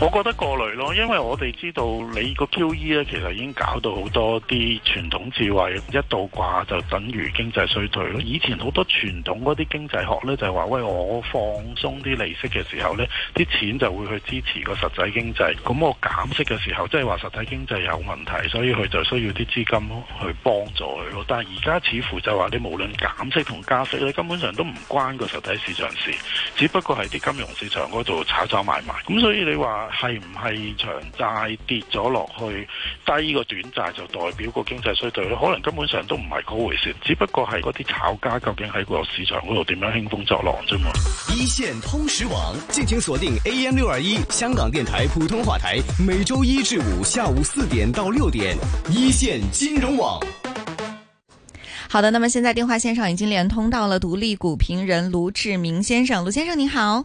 我覺得過濾咯，因為我哋知道你個 QE 咧，其實已經搞到好多啲傳統智慧一倒掛就等於經濟衰退咯。以前好多傳統嗰啲經濟學咧就係話，喂，我放鬆啲利息嘅時候呢，啲錢就會去支持個實際經濟。咁我減息嘅時候，即係話實體經濟有問題，所以佢就需要啲資金咯去幫助佢咯。但係而家似乎就話你無論減息同加息，你根本上都唔關個實體市場事，只不過係啲金融市場嗰度炒炒買賣，賣。咁所以你話。係唔係長債跌咗落去低個短債就代表個經濟衰退咧？可能根本上都唔係嗰回事，只不過係嗰啲炒家究竟喺個市場嗰度點樣興風作浪啫嘛。一線通識網，敬請鎖定 AM 六二一香港電台普通話台，每周一至五下午四點到六點。一線金融網。好的，那麼現在電話線上已經連通到了獨立股評人盧志明先生，盧先生您好。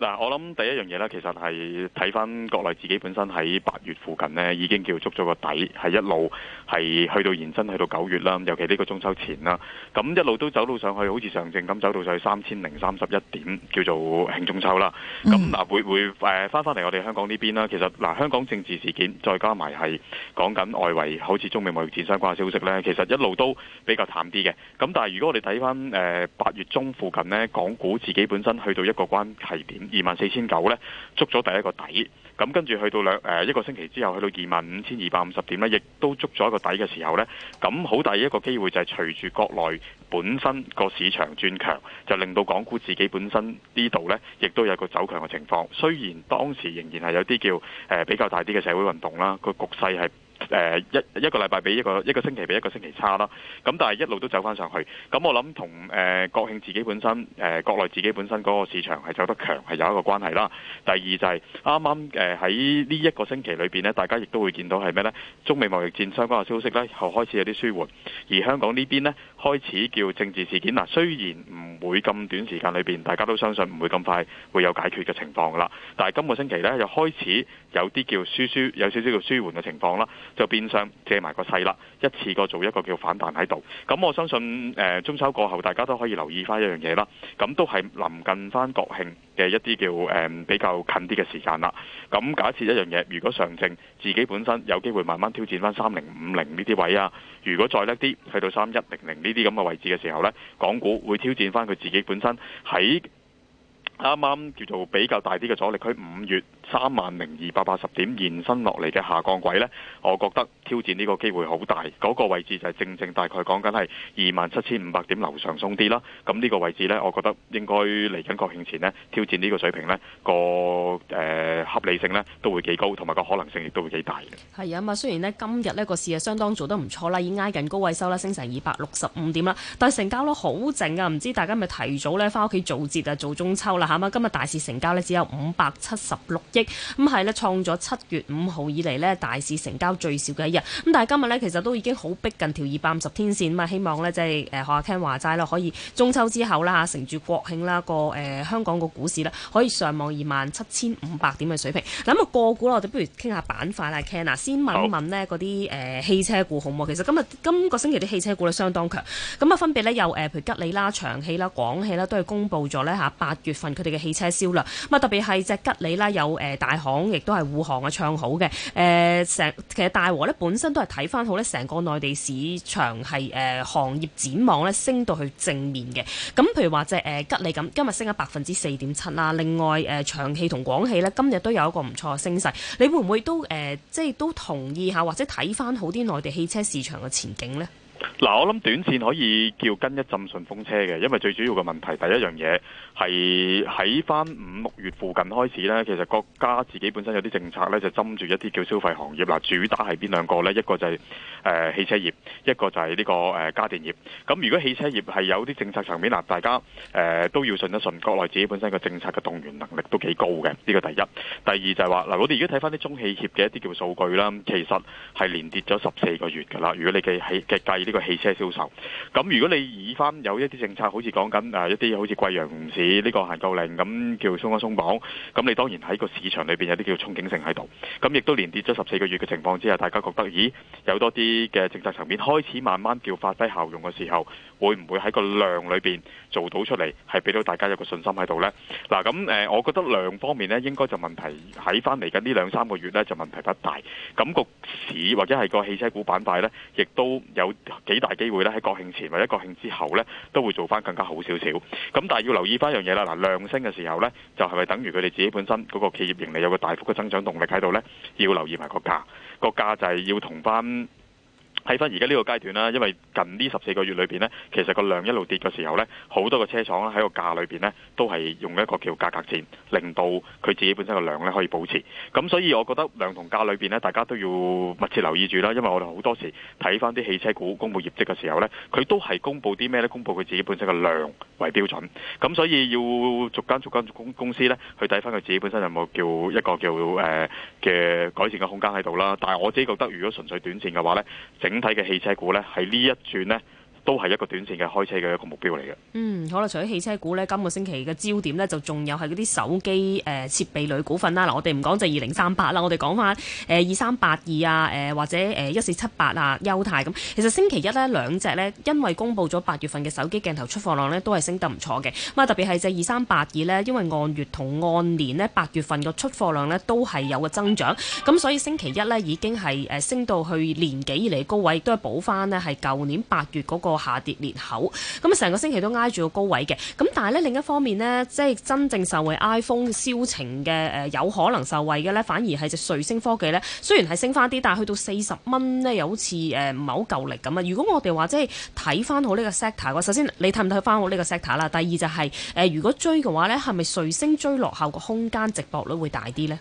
嗱，我諗第一樣嘢，咧，其實係睇翻國內自己本身喺八月附近咧，已經叫捉咗個底，係一路係去到延伸去到九月啦，尤其呢個中秋前啦，咁一路都走到上去，好似上證咁走到上去三千零三十一點，叫做慶中秋啦。咁、mm. 嗱，會會誒翻翻嚟我哋香港呢邊啦，其實嗱、呃、香港政治事件再加埋係講緊外圍好似中美貿易戰相關嘅消息咧，其實一路都比較淡啲嘅。咁但係如果我哋睇翻誒八月中附近咧，港股自己本身去到一個關係點。二萬四千九咧，捉咗第一個底，咁跟住去到兩誒、呃、一個星期之後，去到二萬五千二百五十點咧，亦都捉咗一個底嘅時候咧，咁好大一個機會就係隨住國內本身個市場轉強，就令到港股自己本身呢度咧，亦都有個走強嘅情況。雖然當時仍然係有啲叫誒、呃、比較大啲嘅社會運動啦，個局勢係。誒、呃、一一個禮拜比一個一個星期比一個星期差啦，咁但係一路都走翻上去，咁我諗同誒國慶自己本身誒、呃、國內自己本身嗰個市場係走得強係有一個關係啦。第二就係啱啱誒喺呢一個星期裏面呢，大家亦都會見到係咩呢？中美貿易戰相關嘅消息呢，又開始有啲舒緩，而香港呢邊呢，開始叫政治事件嗱，雖然唔會咁短時間裏面，大家都相信唔會咁快會有解決嘅情況啦。但係今個星期呢，又開始有啲叫舒舒有少少叫舒緩嘅情況啦。就變相借埋個勢啦，一次過做一個叫反彈喺度。咁我相信誒、呃、中秋過後，大家都可以留意翻一樣嘢啦。咁都係臨近翻國慶嘅一啲叫誒、呃、比較近啲嘅時間啦。咁假設一樣嘢，如果上證自己本身有機會慢慢挑戰翻三零五零呢啲位啊，如果再叻啲，去到三一零零呢啲咁嘅位置嘅時候呢，港股會挑戰翻佢自己本身喺。啱啱叫做比較大啲嘅阻力區，五月三萬零二百八十點延伸落嚟嘅下降軌呢，我覺得挑戰呢個機會好大。嗰個位置就係正正大概講緊係二萬七千五百點樓上鬆啲啦。咁呢個位置呢，我覺得應該嚟緊國慶前呢挑戰呢個水平呢個誒合理性呢都會幾高，同埋個可能性亦都會幾大嘅。係啊嘛，雖然呢今日呢個市啊相當做得唔錯啦，已經挨緊高位收啦，升成二百六十五點啦，但係成交率好靜啊，唔知大家咪提早呢翻屋企做節啊，做中秋啦～今日大市成交咧只有五百七十六億，咁係咧創咗七月五號以嚟咧大市成交最少嘅一日。咁但係今日咧其實都已經好逼近條二百五十天線嘛，希望咧即係誒何亞 can 話齋啦，可以中秋之後啦嚇，乘住國慶啦，個誒香港個股市呢，可以上望二萬七千五百點嘅水平。咁啊，個股我哋不如傾下板塊啦，can 嗱先問一問咧嗰啲誒汽車股好唔好？其實今日今個星期啲汽車股咧相當強，咁啊分別呢，有、呃、誒譬如吉利啦、長汽啦、廣汽啦都係公布咗呢嚇八月份。佢哋嘅汽車銷量，咁啊特別係隻吉利啦，有誒大行，亦都係護航嘅唱好嘅。誒、呃、成其實大和咧本身都係睇翻好咧，成個內地市場係誒、呃、行業展望咧升到去正面嘅。咁譬如話隻誒吉利咁、呃，今日升咗百分之四點七啦。另外誒長汽同廣汽咧，今日都有一個唔錯嘅升勢。你會唔會都誒、呃、即係都同意下，或者睇翻好啲內地汽車市場嘅前景呢？嗱、啊，我諗短線可以叫跟一陣順風車嘅，因為最主要嘅問題第一樣嘢係喺翻五六月附近開始呢，其實國家自己本身有啲政策呢，就針住一啲叫消費行業啦、啊，主打係邊兩個呢？一個就係、是、誒、呃、汽車業，一個就係呢、這個誒、呃、家電業。咁、啊、如果汽車業係有啲政策層面嗱、啊、大家誒、呃、都要信一信，國內自己本身個政策嘅動員能力都幾高嘅。呢、這個第一，第二就係話嗱，我哋而家睇翻啲中汽協嘅一啲叫數據啦，其實係連跌咗十四個月噶啦。如果你計係嘅計。呢個汽車銷售，咁如果你以翻有一啲政策，好似講緊誒一啲好似貴陽市呢個限購令咁叫鬆一鬆綁，咁你當然喺個市場裏邊有啲叫憧憬性喺度，咁亦都連跌咗十四個月嘅情況之下，大家覺得咦有多啲嘅政策層面開始慢慢叫發揮效用嘅時候，會唔會喺個量裏邊做到出嚟，係俾到大家一個信心喺度呢？嗱，咁誒，我覺得量方面呢，應該就問題喺翻嚟緊呢兩三個月呢，就問題不大。咁個市或者係個汽車股板塊呢，亦都有。幾大機會咧？喺國慶前或者國慶之後呢，都會做翻更加好少少。咁但係要留意翻一樣嘢啦，嗱，量升嘅時候呢，就係咪等於佢哋自己本身嗰個企業盈利有個大幅嘅增長動力喺度呢？要留意埋個價，個價就係要同翻。睇翻而家呢個階段啦，因為近呢十四個月裏面呢，其實個量一路跌嘅時候呢，好多車廠個車廠喺個價裏面呢，都係用一個叫價格戰，令到佢自己本身個量呢可以保持。咁所以，我覺得量同價裏面呢，大家都要密切留意住啦。因為我哋好多時睇翻啲汽車股公布業績嘅時候呢，佢都係公布啲咩呢？公布佢自己本身個量為標準。咁所以要逐間逐間公司呢，去睇翻佢自己本身有冇叫一個叫誒嘅、呃、改善嘅空間喺度啦。但係我自己覺得，如果純粹短線嘅話呢，整整體嘅汽車股咧，喺呢一轉咧。都係一個短線嘅開車嘅一個目標嚟嘅。嗯，好啦，除咗汽車股呢，今個星期嘅焦點呢，就仲有係嗰啲手機、呃、設備類股份啦。嗱，我哋唔講就二零三八啦，我哋講翻二三八二啊，或者一四七八啊，優泰咁。其實星期一呢兩隻呢，因為公布咗八月份嘅手機鏡頭出貨量呢，都係升得唔錯嘅。咁啊，特別係就二三八二呢，因為按月同按年呢，八月份個出貨量呢，都係有個增長。咁所以星期一呢，已經係升到去年幾以嚟高位，都係補翻呢，係舊年八月嗰個。下跌裂口，咁啊成個星期都挨住個高位嘅，咁但係咧另一方面呢，即係真正受惠 iPhone 銷情嘅，誒有可能受惠嘅呢，反而係隻瑞星科技呢。雖然係升翻啲，但係去到四十蚊呢，又好似誒唔係好夠力咁啊！如果我哋話即係睇翻好呢個 sector，嘅，首先你睇唔睇翻好呢個 sector 啦？第二就係、是、誒、呃，如果追嘅話呢，係咪瑞星追落後個空間，值博率會大啲呢？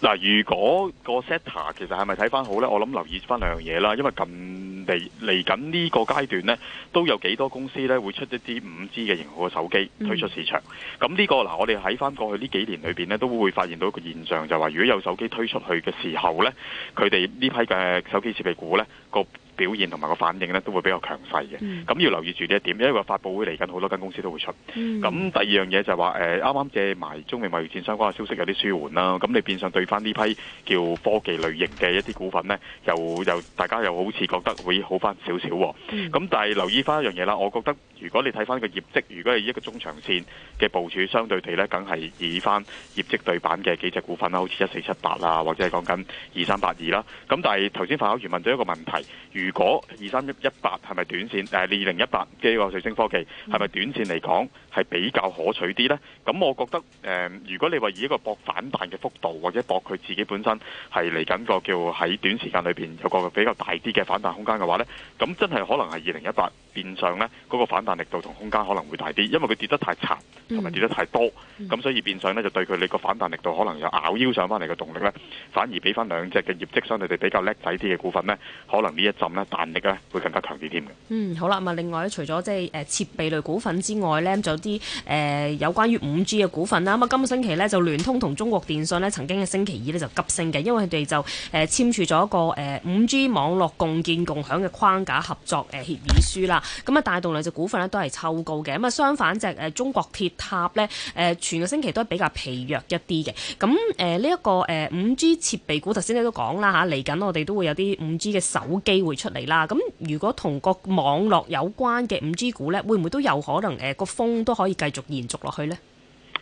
嗱，如果個 sector 其實係咪睇翻好咧？我諗留意翻兩樣嘢啦，因為近嚟嚟緊呢個階段咧，都有幾多公司咧會出一啲五 G 嘅型號嘅手機推出市場。咁呢個嗱，我哋喺翻過去呢幾年裏邊咧，都會發現到一個現象，就係話如果有手機推出去嘅時候咧，佢哋呢批嘅手機設備股咧個表現同埋個反應都會比較強勢嘅。咁、嗯、要留意住呢一點，因為發佈會嚟緊，好多間公司都會出。咁、嗯、第二樣嘢就係話啱啱借埋中美貿易戰相關嘅消息有啲舒緩啦。咁你變相對翻呢批叫科技類型嘅一啲股份呢，又又大家又好似覺得會好翻少少。咁、嗯、但係留意翻一樣嘢啦，我覺得如果你睇翻個業績，如果係一個中長線嘅部署，相對地呢，梗係以翻業績對版嘅幾隻股份啦，好似一四七八啦或者係講緊二三八二啦。咁但係頭先法口員問咗一個問題，如果二三一一八係咪短線？誒二零一八嘅呢個瑞聲科技係咪短線嚟講係比較可取啲呢？咁我覺得誒、呃，如果你話以一個搏反彈嘅幅度，或者搏佢自己本身係嚟緊個叫喺短時間裏邊有個比較大啲嘅反彈空間嘅話呢，咁真係可能係二零一八變相呢嗰、那個反彈力度同空間可能會大啲，因為佢跌得太殘同埋跌得太多，咁所以變相呢，就對佢你個反彈力度可能有咬腰上翻嚟嘅動力呢，反而比翻兩隻嘅業績相對地比較叻仔啲嘅股份呢，可能呢一陣。啊彈力咧會更加強啲添嘅。嗯，好啦，咁啊，另外咧除咗即係誒設備類股份之外咧，仲有啲誒、呃、有關於五 G 嘅股份啦。咁啊，今個星期咧就聯通同中國電信咧曾經喺星期二咧就急升嘅，因為佢哋就誒、呃、簽署咗一個誒五 G 網絡共建共享嘅框架合作誒、呃、協議書啦。咁啊，帶動兩隻股份咧都係抽高嘅。咁啊，相反隻誒、呃、中國鐵塔咧誒、呃、全個星期都係比較疲弱一啲嘅。咁誒呢一個誒五 G 設備股，頭先你都講啦嚇，嚟、啊、緊我哋都會有啲五 G 嘅手機會出。出嚟啦！咁如果同個網絡有關嘅五 G 股呢，會唔會都有可能？誒，個風都可以繼續延續落去呢？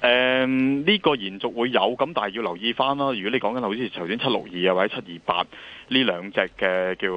誒、嗯、呢、這個延續會有，咁但係要留意翻啦。如果你講緊好似頭先七六二啊或者七二八呢兩隻嘅叫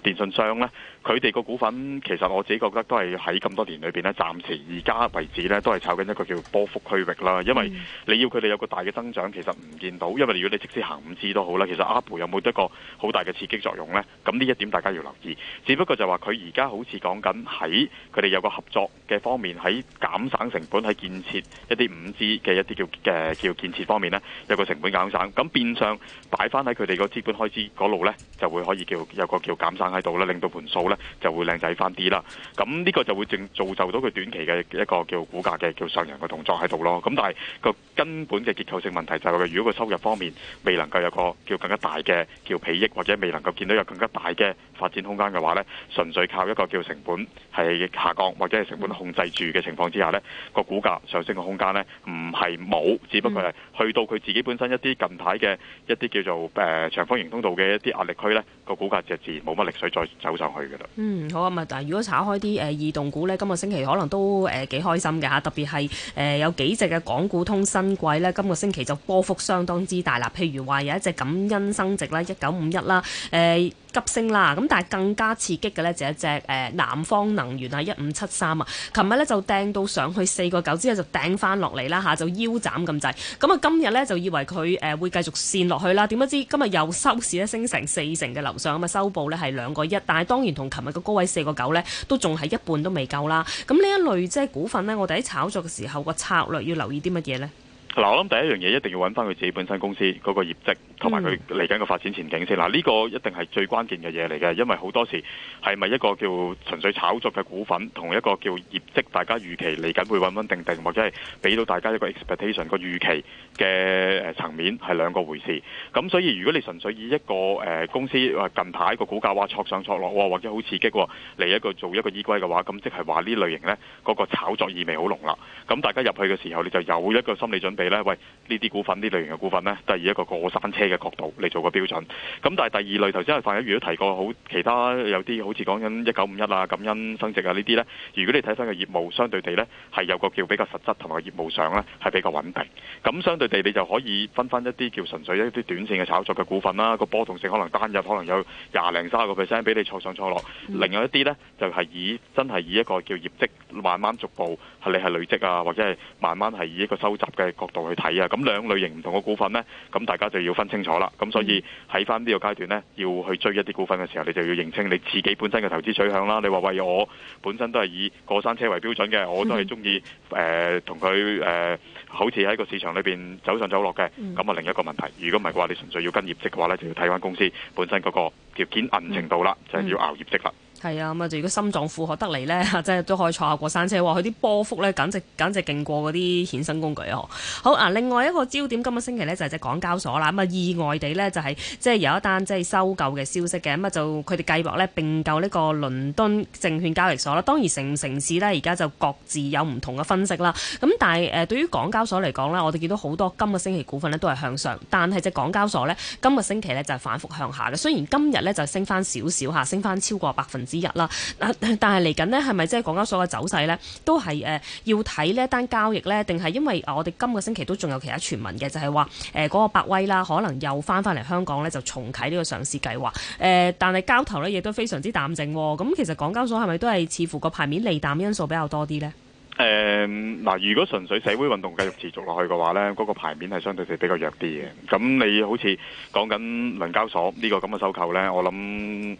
電信商呢，佢哋個股份其實我自己覺得都係喺咁多年裏邊呢，暫時而家為止呢，都係炒緊一個叫波幅區域啦。因為你要佢哋有個大嘅增長，其實唔見到。因為如果你即使行五 G 都好啦，其實 Apple 有冇得個好大嘅刺激作用呢？咁呢一點大家要留意。只不過就話佢而家好似講緊喺佢哋有個合作嘅方面，喺減省成本、喺建設一啲五 G。嘅一啲叫嘅叫建設方面呢，有個成本減省，咁變相擺翻喺佢哋個資本開支嗰路呢，就會可以叫有個叫減省喺度啦，令到盤數呢就會靚仔翻啲啦。咁呢個就會正造就到佢短期嘅一個叫股價嘅叫上揚嘅動作喺度咯。咁但係個根本嘅結構性問題就係話，如果個收入方面未能夠有個叫更加大嘅叫裨益，或者未能夠見到有更加大嘅發展空間嘅話呢，純粹靠一個叫成本係下降或者係成本控制住嘅情況之下、那個、呢，個股價上升嘅空間呢。唔係冇，只不過係去到佢自己本身一啲近排嘅一啲叫做誒長方形通道嘅一啲壓力區呢，個股價就自然冇乜力水再走上去㗎喇。嗯，好啊，咪但如果炒開啲誒異動股呢，今個星期可能都誒幾開心嘅嚇，特別係誒有幾隻嘅港股通新貴呢，今個星期就波幅相當之大啦。譬如話有一隻感恩生殖啦，一九五一啦，誒。急升啦，咁但係更加刺激嘅，呢就一隻誒南方能源啊，一五七三啊，琴日呢就掟到上去四個九之後就掟翻落嚟啦，吓就腰斬咁滯。咁啊，今日呢就以為佢誒會繼續綫落去啦，點不知今日又收市咧升成四成嘅樓上咁啊，收報呢係兩個一，但係當然同琴日嘅高位四個九呢都仲係一半都未夠啦。咁呢一類即係股份呢，我哋喺炒作嘅時候個策略要留意啲乜嘢呢？嗱，我諗第一樣嘢一定要揾翻佢自己本身公司嗰個業績同埋佢嚟緊個發展前景先。嗱、嗯、呢，這個一定係最關鍵嘅嘢嚟嘅，因為好多時係咪一個叫純粹炒作嘅股份，同一個叫業績大家預期嚟緊會穩穩定定，或者係俾到大家一個 expectation 個預期嘅誒層面係兩個回事。咁所以如果你純粹以一個誒公司近排個股價哇挫上挫落，或者好刺激嚟一個做一個依歸嘅話，咁即係話呢類型咧嗰，那個，炒作意味好濃啦。咁大家入去嘅時候，你就有一個心理準備。喂，呢啲股，股份呢類型嘅股份呢都係以一個過山車嘅角度嚟做個標準。咁但係第二類，頭先阿范一如果提過，好其他有啲好似講緊一九五一啊、感恩升值啊呢啲呢。如果你睇翻個業務，相對地呢係有個叫比較實質同埋業務上呢係比較穩定。咁相對地，你就可以分翻一啲叫純粹一啲短線嘅炒作嘅股份啦。個波動性可能單日可能有廿零三十個 percent 俾你錯上錯落。另外一啲呢，就係、是、以真係以一個叫業績慢慢逐步係你係累積啊，或者係慢慢係以一個收集嘅角。去睇啊！咁兩類型唔同嘅股份呢，咁大家就要分清楚啦。咁所以喺翻呢個階段呢，要去追一啲股份嘅時候，你就要認清你自己本身嘅投資取向啦。你話喂，我本身都係以過山車為標準嘅，我都係中意誒同佢誒好似喺個市場裏邊走上走落嘅。咁啊，另一個問題，如果唔係嘅話，你純粹要跟業績嘅話呢，就要睇翻公司本身嗰、那個條件硬程度啦，嗯、就係要熬業績啦。係啊，咁啊，如果心臟負荷得嚟呢，即係都可以坐下過山車喎。佢啲波幅呢，簡直簡直勁過嗰啲衍生工具啊！好啊，另外一個焦點，今個星期呢，就係隻港交所啦。咁啊，意外地呢，就係即係有一單即係收購嘅消息嘅。咁啊，就佢哋計劃呢，並購呢個倫敦證券交易所啦。當然，成城市呢，而家就各自有唔同嘅分析啦。咁但係誒，對於港交所嚟講呢，我哋見到好多今個星期股份呢都係向上，但係隻港交所呢，今個星期呢，就係反覆向下嘅。雖然今日呢，就升翻少少吓，升翻超過百分之一啦，但但係嚟緊咧，係咪即係港交所嘅走勢呢？都係誒、呃、要睇呢一單交易呢？定係因為、啊、我哋今個星期都仲有其他傳聞嘅，就係話誒嗰個百威啦，可能又翻翻嚟香港呢，就重啟呢個上市計劃。誒、呃，但係交投呢，亦都非常之淡靜、哦。咁、嗯、其實港交所係咪都係似乎個牌面利淡因素比較多啲呢？誒、呃、嗱、呃，如果純粹社會運動繼續持續落去嘅話呢，嗰、那個牌面係相對嚟比較弱啲嘅。咁你好似講緊倫交所呢、這個咁嘅收購呢，我諗。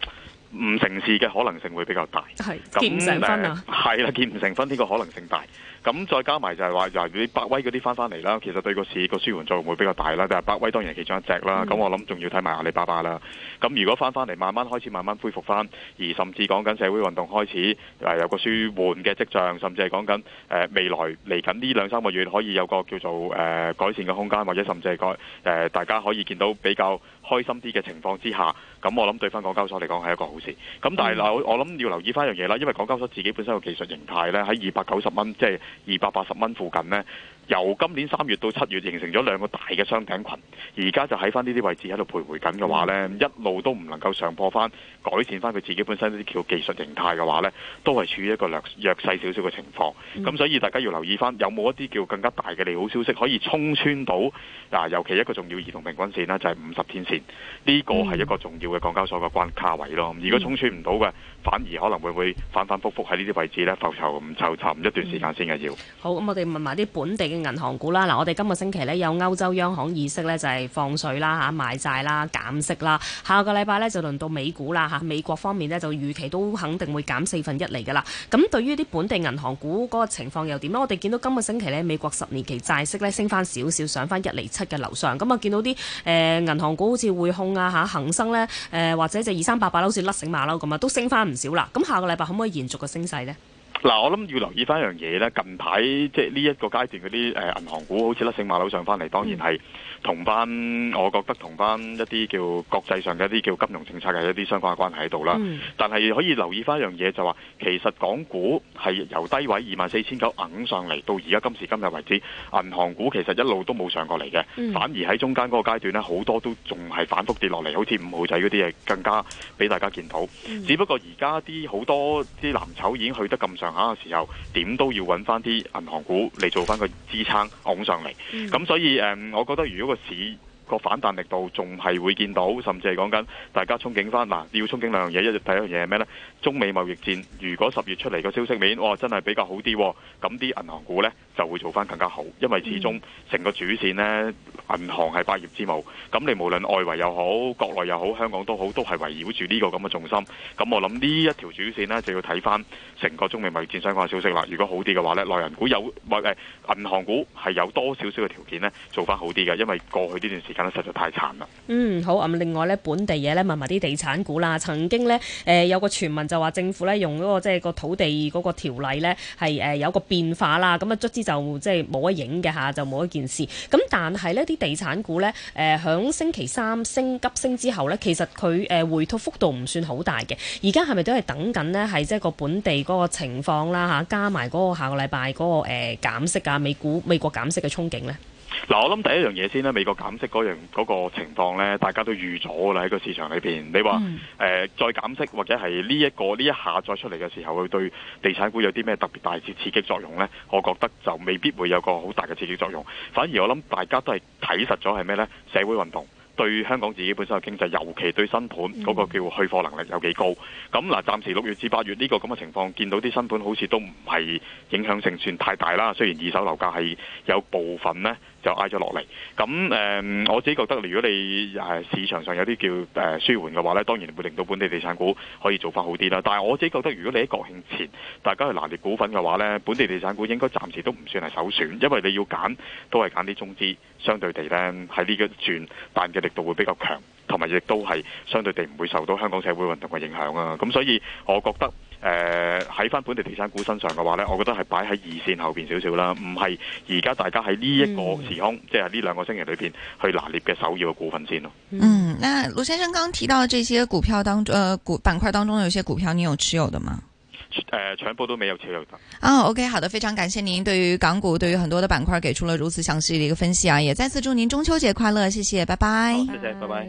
唔成事嘅可能性會比較大，係咁唔成婚啊！係啦，見唔成婚呢個可能性大。咁再加埋就係話，就係你百威嗰啲翻翻嚟啦，其實對個市個舒緩作用會比較大啦。但係百威當然係其中一隻啦。咁、嗯、我諗仲要睇埋阿里巴巴啦。咁如果翻翻嚟，慢慢開始慢慢恢復翻，而甚至講緊社會運動開始，有個舒緩嘅跡象，甚至係講緊未來嚟緊呢兩三個月可以有個叫做、呃、改善嘅空間，或者甚至係、呃、大家可以見到比較開心啲嘅情況之下，咁我諗對翻港交所嚟講係一個好。咁、嗯、但係嗱，我諗要留意翻一樣嘢啦，因為港交所自己本身嘅技術形態咧，喺二百九十蚊，即係二百八十蚊附近咧。由今年三月到七月形成咗兩個大嘅雙頂群，而家就喺翻呢啲位置喺度徘徊緊嘅話咧，一路都唔能夠上破翻、改善翻佢自己本身啲叫技術形態嘅話咧，都係處於一個略弱勢少少嘅情況，咁、嗯、所以大家要留意翻，有冇一啲叫更加大嘅利好消息可以衝穿到嗱，尤其一個重要移動平均線啦，就係五十天線呢個係一個重要嘅港交所嘅關卡位咯。如果衝穿唔到嘅，反而可能會會反反复覆喺呢啲位置咧浮籌唔籌沉一段時間先嘅要、嗯。好，咁我哋問埋啲本地。銀行股啦，嗱，我哋今個星期呢，有歐洲央行議息呢，就係放水啦、吓買債啦、減息啦。下個禮拜呢，就輪到美股啦，吓美國方面呢，就預期都肯定會減四分一嚟噶啦。咁對於啲本地銀行股嗰個情況又點呢？我哋見到今個星期呢，美國十年期債息呢，升翻少少，上翻一厘七嘅樓上。咁啊見到啲誒銀行股好似匯控啊、吓、啊、恆生咧誒、呃、或者就二三八八咧好似甩醒馬騮咁啊，都升翻唔少啦。咁下個禮拜可唔可以延續個升勢呢？嗱，我諗要留意翻一樣嘢咧，近排即係呢一個階段嗰啲銀行股，好似甩繩馬騮上翻嚟，當然係。同翻，我覺得同翻一啲叫國際上嘅一啲叫金融政策嘅一啲相關嘅關係喺度啦。但係可以留意翻一樣嘢，就話其實港股係由低位二萬四千九揵上嚟到而家今時今日為止，銀行股其實一路都冇上過嚟嘅，反而喺中間嗰個階段咧，好多都仲係反覆跌落嚟，好似五號仔嗰啲嘢更加俾大家見到。嗯、只不過而家啲好多啲藍籌已經去得咁上下嘅時候，點都要揾翻啲銀行股嚟做翻個支撐，拱上嚟。咁、嗯、所以誒我覺得如果呢個市，個反彈力度仲係會見到，甚至係講緊大家憧憬翻嗱，要憧憬兩樣嘢。一就第一樣嘢係咩呢？中美貿易戰，如果十月出嚟個消息面，哇，真係比較好啲。咁啲銀行股呢就會做翻更加好，因為始終成個主線呢，銀行係百業之母。咁你無論外圍又好，國內又好，香港都好，都係圍繞住呢個咁嘅重心。咁我諗呢一條主線呢，就要睇翻成個中美貿易戰相關嘅消息啦。如果好啲嘅話呢，內銀股有銀行股係有多少少嘅條件呢，做翻好啲嘅，因為過去呢段時。咁實在太慘啦！嗯，好。咁另外咧，本地嘢咧，問埋啲地產股啦。曾經咧，誒、呃、有個傳聞就話政府咧用嗰個即係個土地嗰個條例咧係誒有個變化啦。咁、嗯、啊，卒之就即係冇得影嘅嚇，就冇一件事。咁、嗯、但係呢啲地產股咧，誒、呃、響星期三升急升之後咧，其實佢誒回吐幅度唔算好大嘅。而家係咪都係等緊呢？係即係個本地嗰個情況啦嚇，加埋嗰個下個禮拜嗰、嗰個誒、呃、減息啊，美股美國減息嘅憧憬呢。嗱，我諗第一樣嘢先咧，美國減息嗰樣嗰個情況呢，大家都預咗啦喺個市場裏邊。你話誒、嗯、再減息或者係呢一個呢一下再出嚟嘅時候，佢對地產股有啲咩特別大嘅刺激作用呢？我覺得就未必會有個好大嘅刺激作用。反而我諗大家都係睇實咗係咩呢？社會運動對香港自己本身嘅經濟，尤其對新盤嗰、嗰個叫去貨能力有幾高。咁嗱，暫時六月至八月呢個咁嘅情況，見到啲新盤好似都唔係影響性算太大啦。雖然二手樓價係有部分呢。就挨咗落嚟，咁誒、嗯、我自己覺得，如果你、呃、市場上有啲叫、呃、舒緩嘅話呢，當然會令到本地地產股可以做法好啲啦。但係我自己覺得，如果你喺國慶前大家去拿列股份嘅話呢，本地地產股應該暫時都唔算係首選，因為你要揀都係揀啲中資，相對地呢喺呢一轉彈嘅力度會比較強，同埋亦都係相對地唔會受到香港社會運動嘅影響啊。咁所以我覺得。誒、呃，喺翻本地地產股身上嘅話呢，我覺得係擺喺二線後邊少少啦，唔係而家大家喺呢一個時空，嗯、即係呢兩個星期裏邊去拿捏嘅首要嘅股份先咯。嗯，那盧先生剛提到嘅這些股票當中，呃，股板塊當中有些股票你有持有的嗎？誒、呃，全部都未有持有嘅。哦、oh，OK，好的，非常感謝您對於港股，對於很多嘅板塊給出了如此詳細嘅一個分析啊！也再次祝您中秋節快樂，謝謝，拜拜。好，謝謝 Bye -bye. 拜拜。